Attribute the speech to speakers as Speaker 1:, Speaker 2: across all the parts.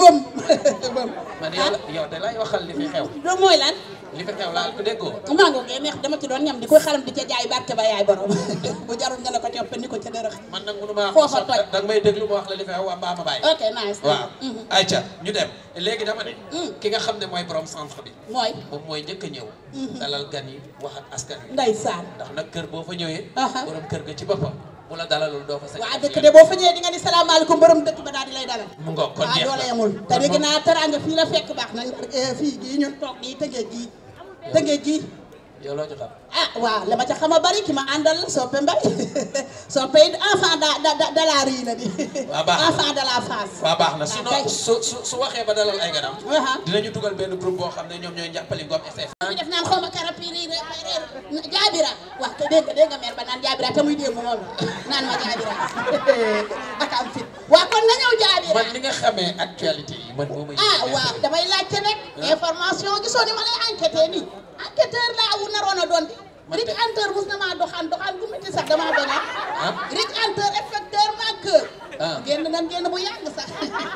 Speaker 1: bëm.
Speaker 2: man yow de lay waxal li fi xew. loolu mooy lan. li fi xew laal ko déggoo.
Speaker 1: maa ngi koy neex dama ci doon ñam di koy xalam di ca jaay barke ko coppe ni ko ca dërëx. man nag mënu
Speaker 2: maa wax da nga may déglu ma wax la li fi xew waa mbaa ma bàyyi. ok nice mhm. ñu dem léegi dama ne. Mm. ki nga xam ne mooy borom centre bi. mooy moom mooy njëkk a ñëw. Mhm. dalal gan yi wax ak askan wi. ndeysaan ndax nag kër boo fa ñëwee. borom kër ga ci boppam waa la dalalul doo ko sañ waaw dëkk de boo fa
Speaker 1: ñëwee di nga ni salaamaaleykum borom dëkk ba daal lay dalal
Speaker 2: mu doole yamul te dégg naa
Speaker 1: teraanga fii la fekk baax na fii gii ñun toog nii tëngee gii tëngee gii
Speaker 2: yow loo ci xam ah
Speaker 1: waaw li ma ca a bari ki ma àndal la da da da baax enfant de la face. waaw
Speaker 2: baax na sinon su su su waxee ba dalal ay ganam. Uh-huh. dinañu benn groupe boo xam ne ñoom ñooy njàppali ngom SF. ñu
Speaker 1: def naan xaw ma karapiri eh, eh, jaabira wax te dégg nga dégg nga mer ba naan muy démb moom naan ma jaabira ak am fit waaw kon na ñëw jaabira man
Speaker 2: li nga xamee actualité ah waaw
Speaker 1: damay laajte rek. Ah. information gisoo ni ma lay enquêté nii. enquêteur laa wu naroon a doon di. rik enteur na maa doxaan doxaan gu métti sax damaa bañ a. Ah. rik enteur inspecteur manqueur. Ah. génn nan génn bu yàgg sax.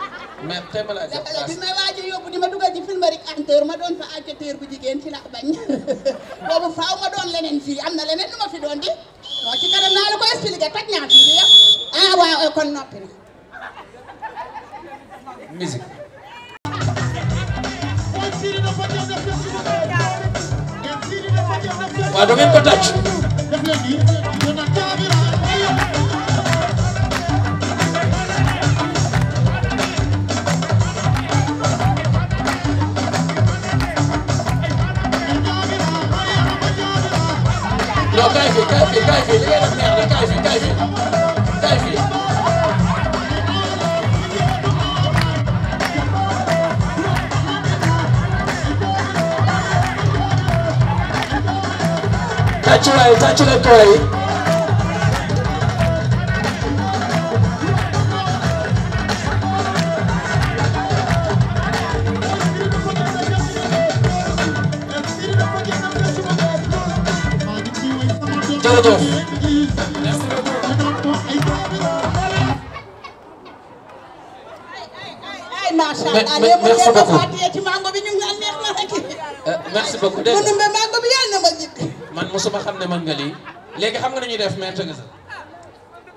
Speaker 2: mais tey ma laa jox place bi ma
Speaker 1: waaj a yóbbu di ma dugal ci film rik enteur ma doon fa enquêteur bu jigéen ci lax bañ. boobu faaw ma doon leneen fii am na leneen lu ma fi doon di. non ci kanam naa la ko expliqué toj naa fi ah waaw kon musique waaw da ngeen ko tàcc
Speaker 2: non kaay fii kaay fii kaay fii li ngay def neex na kaay fii kaay fii tàcc waay tàcc la tooy jërëjëf
Speaker 1: merci beaucoup merci beaucoup euh,
Speaker 2: mosuma xam ne mën nga lii léegi xam nga nañuy def maître Ngeuseul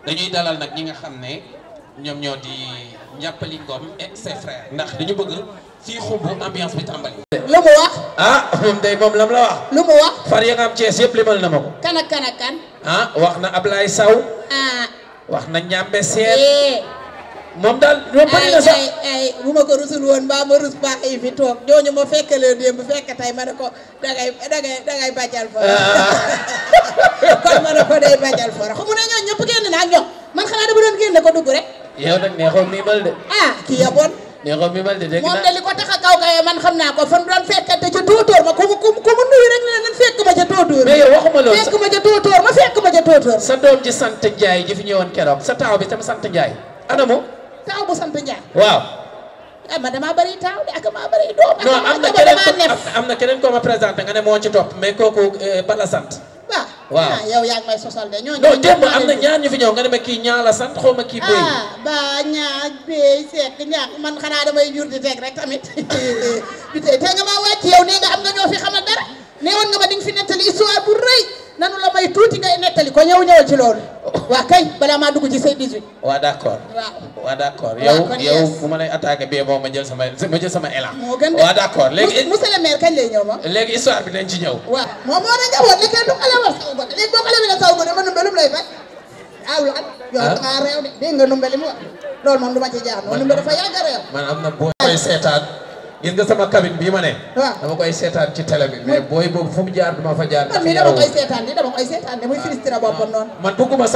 Speaker 2: dañuy dalal nag ñi nga xam ne ñoom ñoo di njàppali Ngom et ses frères ndax dañu bëgg fii xumbu ambiance bi tàmbali. lu mu wax. ah moom day moom lam la wax. lu wax. far ya nga am Thiès yëpp limal na ma ko.
Speaker 1: kan ak kan
Speaker 2: ah, wax na Ablaye Sow. ah wax na Ndiambé Sène. Eh. moom daal ñoom bëri na sax
Speaker 1: ay ay ko rusul woon mbaa ma rus baax yi fi toog ñooñu ma fekkalee démb fekk tey ma ne ko dangay dangay dangay bàjjal for kon ko day bàjjal ñëpp génn na ak ñoom man xanaa dama doon génne ko dugg rek yow nag ah, kii ya bon
Speaker 2: neexoo miimal de dégg naa
Speaker 1: moom a kaw man xam naa ko fan doon fekkante ca tóotóor ma ku mu ku nuyu rek ne nan fekk ca
Speaker 2: tóotóor mais yow waxuma loolu fekk ma ca tóotóor ma fekk ma ca tóotóor sa doom ji sant Njaay ji fi ñëwoon keroog sa taaw bi tam sant jaay anamu
Speaker 1: taaw bu sant Ndiaye. waaw. ah man damaa bari taaw de ak maa bëri doom. ak am na keneen ko
Speaker 2: am na keneen ko ma présenté nga ne moo ci topp mais kooku eh, bala sant. waaw ah
Speaker 1: yow yaa ngi may sosal de ñooñu. ñooñu démb am na
Speaker 2: ñaar ñu fi ñëw nga ne ma kii ñaa la sant xaw kii béy.
Speaker 1: ah ba ñaar béy sekk ñaar man xanaa damay jur di teg rek tamit. te nga maa wàcc yow nee nga am nga ñoo fi xamal nettali histoire bu rëy. nanu la may tuuti ngay nettali ko ñëw ñëwal ci loolu. waa kay balaa maa dugg ci say 18. waa d'accord. waaw
Speaker 2: waa d'accord yow yow bu ma lay attaqué bee moom ma jël sama ma moo gën de waa d'accord léegi.
Speaker 1: monsieur le maire kañ lay ñëw ma.
Speaker 2: léegi histoire bi dañ ci ñëw.
Speaker 1: waaw moom moo doon ñëwoon léegi kenn du xale war saw gone léegi boo xale bi la saw gone ma numbe lu mu lay fay. ah lu at yow da ngaa de dégg nga numbe li loolu moom du ma ci jaar noonu numbe dafa yàgg a réew.
Speaker 2: man gis nga sama cabine bii ma ne. waaw dama koy seetaan ci télé bi. mais booy boobu fu mu jaar dama fa jaar. man dama koy
Speaker 1: seetaan de muy nga xam nga loolu. dama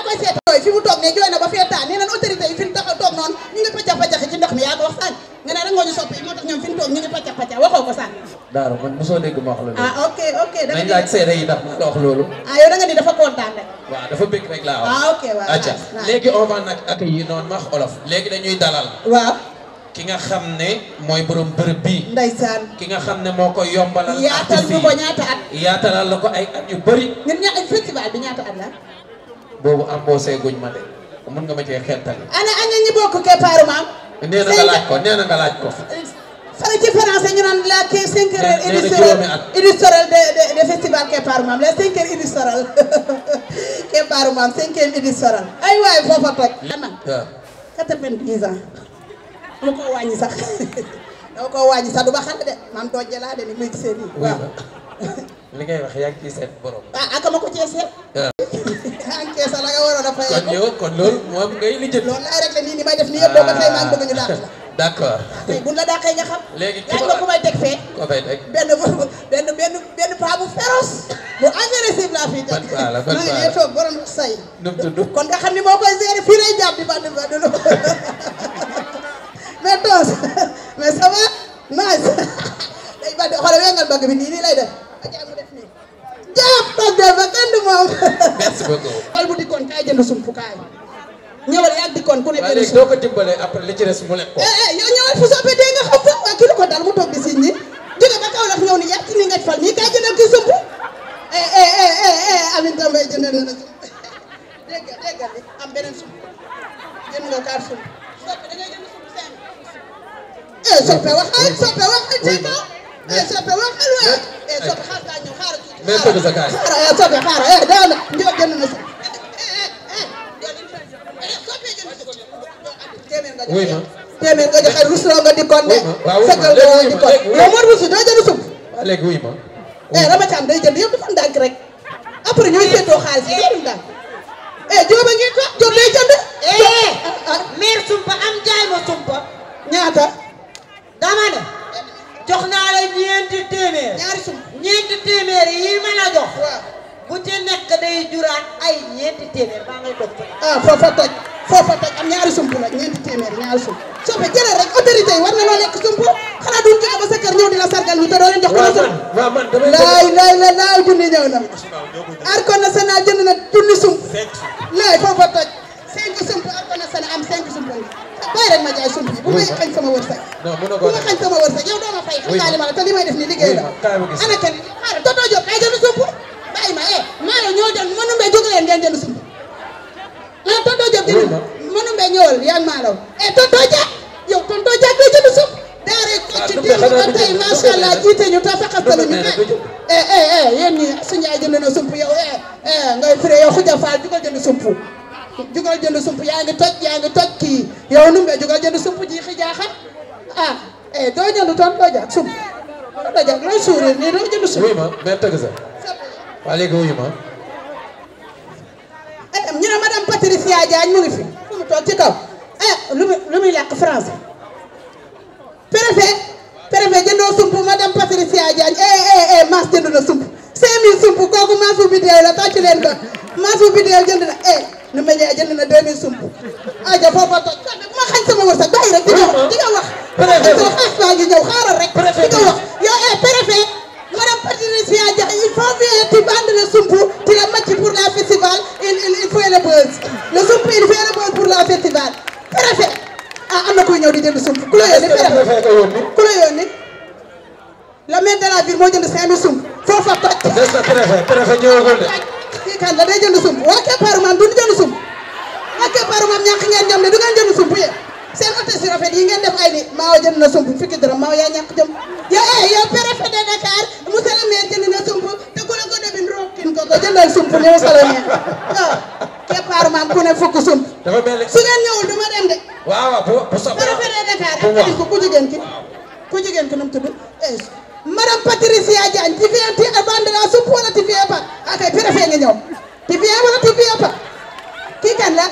Speaker 1: koy seetaan fi jooy na ba fee taan nee nañ autorité yi fi mu tax a toog noonu ñu ngi pàcc pàcc ko wax sànq nga ne rek moo ñu soppi moo tax ñoom fi mu waxoo ko sànq.
Speaker 2: daaru man mosoo dégg ma wax la. ah
Speaker 1: ok ok da nga di dañ laaj seede
Speaker 2: yi ndax mu ah, nga rek Ah, dafa bëgg rek laa wax. ah ok waaw léegi on va nag ak yi noonu wax olof. léegi dañuy dalal. waa ki nga xam ne mooy borom bërëb bii.
Speaker 1: ndeysaan.
Speaker 2: ki nga xam ne moo koy yombalal. yaatal ñu ko la ko ay at yu bëri.
Speaker 1: ñun ña festival bi ñaata at ma
Speaker 2: de mun nga maam. nee na nga ko nee na nga laaj ko.
Speaker 1: de de de festival keppaaru Ndakaaru maam cinquième édition ay waay foofa toj ana ah. quatre-vingt-dix ans dama ko wàññi sax dama koo wàññi sax du ba xale de maam doo jëlaa de ni muy gisee nii waaw
Speaker 2: li ngay wax yaa ngi ciy seet borom
Speaker 1: ah akama ko cee seet ah. encaisse ko nga waroon a fay
Speaker 2: kon ni may
Speaker 1: def nii yëpp boo ko fay maa ngi bëgg ñu
Speaker 2: ah.
Speaker 1: bu la dàqee nga xam
Speaker 2: léegi laaj ma ku may
Speaker 1: benn benn benn paa bu féroce bu agressif laa fi def. ban la ban paa toog borom say. nu mu tudd kon nga xam ni moo koy gérer fii lay jàpp di bànn bànn lu mais toos mais ça va nice day bànn xoolal wéngal bëgg bi nii nii lay def ak mu def nii. jàpp toog de ba kenn du moom.
Speaker 2: merci beaucoup.
Speaker 1: xool bu dikkoon kaay jënd sumpu kaay. ñëwal yaa dikkoon ku ne. waaw léegi
Speaker 2: doo ko dimbalee après li ci des mu lekk ko.
Speaker 1: Eh, eh, yow ñëwal fu soobee dee nga xam sax waa kii lu ko dal mu toog di siñ ñi. jóge ba Kaolack ñëw ni yàq ni nga fal nii kaay jëndal kii sump eh eh eh eh, eh Aminata Mbaye jëndal na la sump dégg nga dégg nga am beneen sump jënd nga kaar sump soppe da ngay jënd sump cinq eh soppe wax ay soppe wax ay tey kaw eh soppe wax ay waay eh soppe xaar kaa ñëw xaaral tuuti mais soppe sa kaay xaaral eh soppe xaaral eh daa la ñëw jënd na sump eh eh eh, eh, eh soppe jënd sump téeméer nga téeméer nga joxe rusloo nga dikkoon de. sëgal nga woon dikkoon a ngi toog Diop day jënd. Eh, ne. jox naa la téeméer. yi ma la jox. bu ci nekk day juraat ay ñeenti téeméer maa ngay doon. ah foofa toj foofa toj am ñaari sump nag ñeenti téeméer ñaari sump. soxna jëlal rek autorité yi war na loo lekk sump xanaa duñ jóge ba sa kër la sargal ñu te doo leen na. Arcon am cinq sump la bàyyi ma jaay sump bu ma xañ sama wërsëg yow doo fay. xam naa ma la may def nii liggéey la. ana kan xaaral dootoo jóg ay jënd sump bàyyi ma eh maa la ñoo jënd mënu mbay jóg leen ngeen jënd sump ah dootoo mënumbe ñëwal yaa ngi maa raw e tonton Diack yow tonton Diack la jënd suuf daaree kocc ah, démb ba tey macha allah jiite ñu e e na sump yow e ngay firé yow xuja faal jugal jënd sump jugal toj yaa ngi jugal jënd sump ji xijaaxat ah e doo jënd tonton Diack sump tonton Diack looy suuri nii doo jënd
Speaker 2: sump ma mais tëgg sa waa léegi wuyu ma
Speaker 1: toog ci kaw ah lu muy lu muy làkk français préfet préfet jëndoo sump madame Patricia Diagne eh eh eh jënd na sump 5000 sump kooku Mass bu bidéew la tàcc leen ko Mass bu jënd na eh nu ma ñëwee jënd na 2000 sump aja foofa toj ma xañ sama wërsëg bàyyi rek di nga wax di nga wax. préfet xaalis baa ngi ñëw xaaral
Speaker 2: préfet ñëwagul de.
Speaker 1: kan la day de du ngeen jënd sumb yéen seen hôtesse yu rafet yi ngeen def ay ni maawa jënd na sumb fukki dërëm maaw yaa ñàkk jëm yow eh yow te ku la ko defin rookin ko ko jëndal sumb ni monsieur le maire waaw ku ne fukk sumb dafa mel su ngeen ñëwul du ma dem de waaw bu Dakar ak ko ku jigéen ki ku jigéen ki nu mu tudd eh, madame Patricia Diagne ti fiyan ti bandira suppu walla ti fiya pat akay préfet nga ñëw ti fiya walla ti fiya pat kii kan la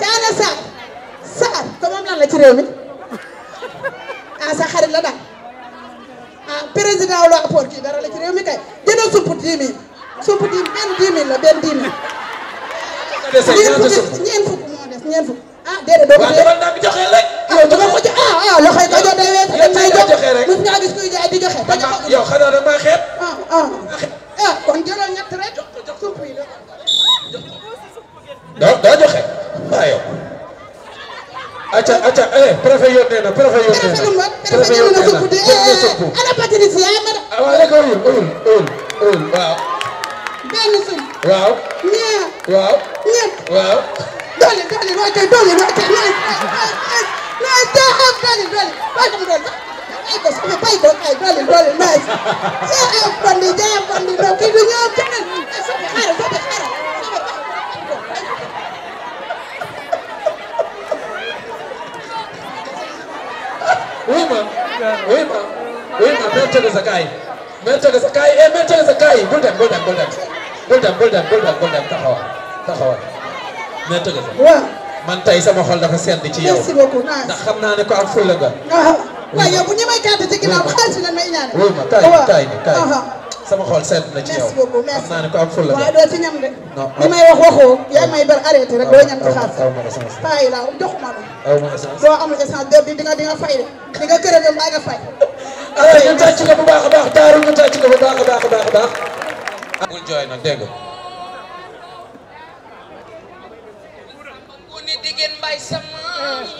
Speaker 1: Caana Sarr Sarr ko moom lan la ci ah, ci réew mi kay jëndoo suppu dix mille suppu dix benn benn dix mille fukk ñeent fukk ah déedéet doo ko joxe rek ah, waaw loxoy ko jot day wees dañ may jox mos ngaa gis kuy jaay di joxe te joxe yow
Speaker 2: xanaa da maa xeeb
Speaker 1: ah ah ah kon jëlal ñett rek suuf yi la
Speaker 2: daa daa joxe waaw yow acca acca eh préfet yónnee na préfet yónnee
Speaker 1: na préfet yónnee na eh, ana Patricia ma
Speaker 2: ah, waaw rek oyul oyul oyul oyul waaw benn sum waaw ñaar waaw ñett waaw
Speaker 1: doole doole wàcce doole wàcce nice yeah I'm very very welcome to the ay ko sama pay ko ay very very nice yeah I'm funny yeah I'm funny no kii du ñëw keneen sama xaaral sama xaaral
Speaker 2: oui ma oui ma oui ma mère Teresa kaay mère Teresa kaay eh mère Teresa kaay bul dem bul dem bul dem bul dem bul dem bul dem bul dem taxawal taxawal mère Teresa waaw man tey sama xol dafa sedd ci yow merci
Speaker 1: beaucoup ndax
Speaker 2: xam naa ne ko am fulla nga.
Speaker 1: Ah, ah. waaw yow bu ñu may gàtt ci ginnaaw xaalis bi lan may ñaanal. wuy ma kaay kaay ah, kaay
Speaker 2: sama xol sedd na ci yow. merci
Speaker 1: beaucoup merci am
Speaker 2: may wax waxoo. yaa may bar
Speaker 1: arrêté rek doo ñam ci xaalis. aw ma essence jox ma la. aw ma essence doo fay de di kër a dem baa nga fay. alors ñu tàcc la bu baax a baax daaru ñu tàcc la bu baax a sama